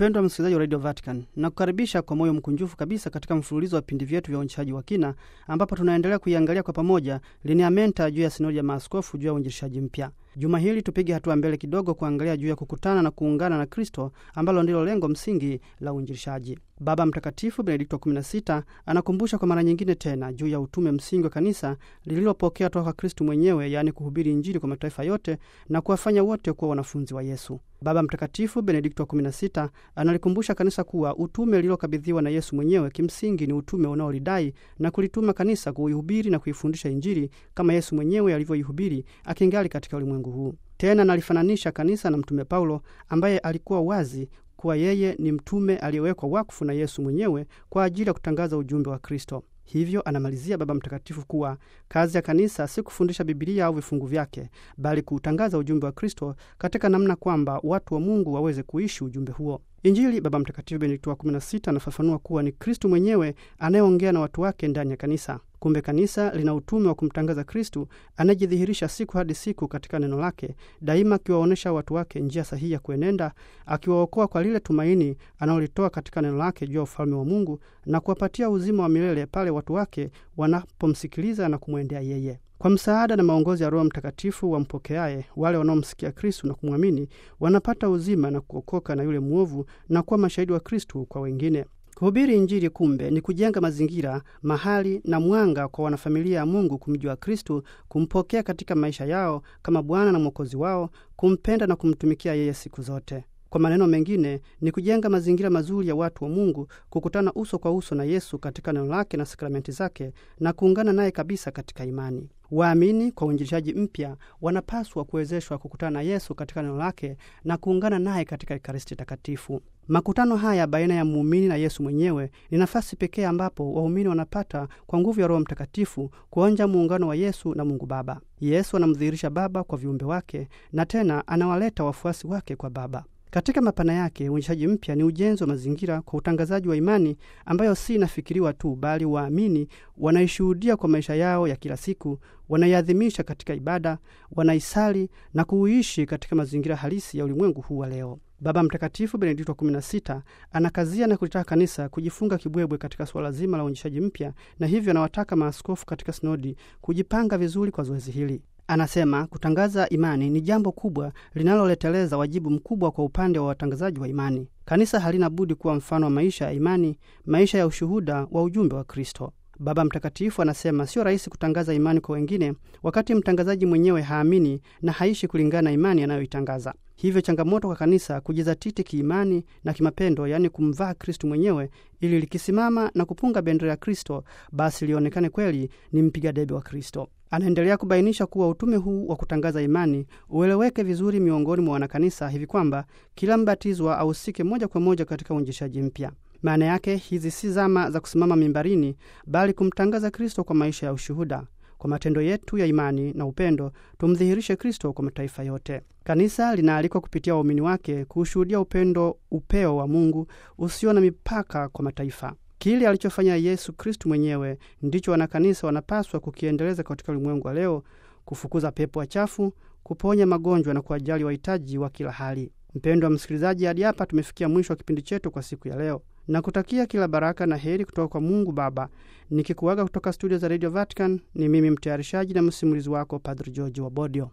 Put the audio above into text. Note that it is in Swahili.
Mpendwa msikilizaji wa redio Vatican, nakukaribisha kwa moyo mkunjufu kabisa katika mfululizo wa vipindi vyetu vya uinjilishaji wa kina, ambapo tunaendelea kuiangalia kwa pamoja lineamenta juu ya sinodi ya maaskofu juu ya uinjilishaji mpya. Juma hili tupige hatua mbele kidogo kuangalia juu ya kukutana na kuungana na Kristo ambalo ndilo lengo msingi la uinjilishaji. Baba Mtakatifu Benedikto 16 anakumbusha kwa mara nyingine tena juu ya utume msingi wa kanisa lililopokea toka kwa Kristu mwenyewe, yaani kuhubiri Injili kwa mataifa yote na kuwafanya wote kuwa wanafunzi wa Yesu. Baba Mtakatifu Benedikto 16 analikumbusha kanisa kuwa utume lililokabidhiwa na Yesu mwenyewe kimsingi ni utume unaolidai na kulituma kanisa kuihubiri na kuifundisha Injili kama Yesu mwenyewe alivyoihubiri akingali katika ulimwengu ulimwengu huu. Tena nalifananisha kanisa na Mtume Paulo ambaye alikuwa wazi kuwa yeye ni mtume aliyewekwa wakfu na Yesu mwenyewe kwa ajili ya kutangaza ujumbe wa Kristo. Hivyo anamalizia Baba Mtakatifu kuwa kazi ya kanisa si kufundisha Bibilia au vifungu vyake, bali kuutangaza ujumbe wa Kristo katika namna kwamba watu wa Mungu waweze kuishi ujumbe huo. Injili Baba Mtakatifu Benedikto wa 16 anafafanua kuwa ni Kristu mwenyewe anayeongea na watu wake ndani ya kanisa. Kumbe kanisa lina utume wa kumtangaza Kristu anayejidhihirisha siku hadi siku katika neno lake, daima akiwaonyesha watu wake njia sahihi ya kuenenda, akiwaokoa kwa lile tumaini analolitoa katika neno lake juu ya ufalme wa Mungu na kuwapatia uzima wa milele pale watu wake wanapomsikiliza na kumwendea yeye. Kwa msaada na maongozi ya Roho Mtakatifu wampokeaye, wale wanaomsikia Kristu na kumwamini wanapata uzima na kuokoka na yule mwovu na kuwa mashahidi wa Kristu kwa wengine. Kuhubiri Injili kumbe ni kujenga mazingira, mahali na mwanga kwa wanafamilia ya Mungu kumjua Kristu, kumpokea katika maisha yao kama Bwana na Mwokozi wao, kumpenda na kumtumikia yeye siku zote. Kwa maneno mengine ni kujenga mazingira mazuri ya watu wa Mungu kukutana uso kwa uso na Yesu katika neno lake na sakramenti zake na kuungana naye kabisa katika imani. Waamini kwa uinjilishaji mpya wanapaswa kuwezeshwa kukutana na Yesu katika neno lake na kuungana naye katika Ekaristi Takatifu. Makutano haya baina ya muumini na Yesu mwenyewe ni nafasi pekee ambapo waumini wanapata kwa nguvu ya Roho Mtakatifu kuonja muungano wa Yesu na Mungu Baba. Yesu anamdhihirisha Baba kwa viumbe wake na tena anawaleta wafuasi wake kwa Baba. Katika mapana yake, uinjishaji mpya ni ujenzi wa mazingira kwa utangazaji wa imani ambayo si inafikiriwa tu, bali waamini wanaishuhudia kwa maisha yao ya kila siku, wanaiadhimisha katika ibada, wanaisali na kuuishi katika mazingira halisi ya ulimwengu huu wa leo. Baba Mtakatifu Benedikto wa 16 anakazia na kulitaka kanisa kujifunga kibwebwe katika suala zima la uinjishaji mpya, na hivyo anawataka maaskofu katika sinodi kujipanga vizuri kwa zoezi hili. Anasema kutangaza imani ni jambo kubwa linaloleteleza wajibu mkubwa kwa upande wa watangazaji wa imani. Kanisa halina budi kuwa mfano wa maisha ya imani, maisha ya ushuhuda wa ujumbe wa Kristo. Baba Mtakatifu anasema sio rahisi kutangaza imani kwa wengine wakati mtangazaji mwenyewe haamini na haishi kulingana na imani anayoitangaza. Hivyo changamoto kwa kanisa kujizatiti kiimani na kimapendo, yaani kumvaa Kristu mwenyewe, ili likisimama na kupunga bendera ya Kristo, basi lionekane kweli ni mpiga debe wa Kristo. Anaendelea kubainisha kuwa utume huu wa kutangaza imani ueleweke vizuri miongoni mwa wanakanisa hivi kwamba kila mbatizwa ahusike moja kwa moja katika uinjishaji mpya. Maana yake hizi si zama za kusimama mimbarini, bali kumtangaza Kristo kwa maisha ya ushuhuda. Kwa matendo yetu ya imani na upendo tumdhihirishe Kristo kwa mataifa yote. Kanisa linaalikwa kupitia waumini wake kuushuhudia upendo, upeo wa Mungu usio na mipaka kwa mataifa. Kile alichofanya Yesu Kristu mwenyewe ndicho wanakanisa wanapaswa kukiendeleza katika ulimwengu wa leo, kufukuza pepo wachafu, kuponya magonjwa na kuwajali wahitaji wa kila hali. Mpendwa msikilizaji, hadi hapa tumefikia mwisho wa kipindi chetu kwa siku ya leo na kutakia kila baraka na heri kutoka kwa Mungu Baba, nikikuaga kutoka studio za Radio Vatican. Ni mimi mtayarishaji na msimulizi wako Padri George Wabodio.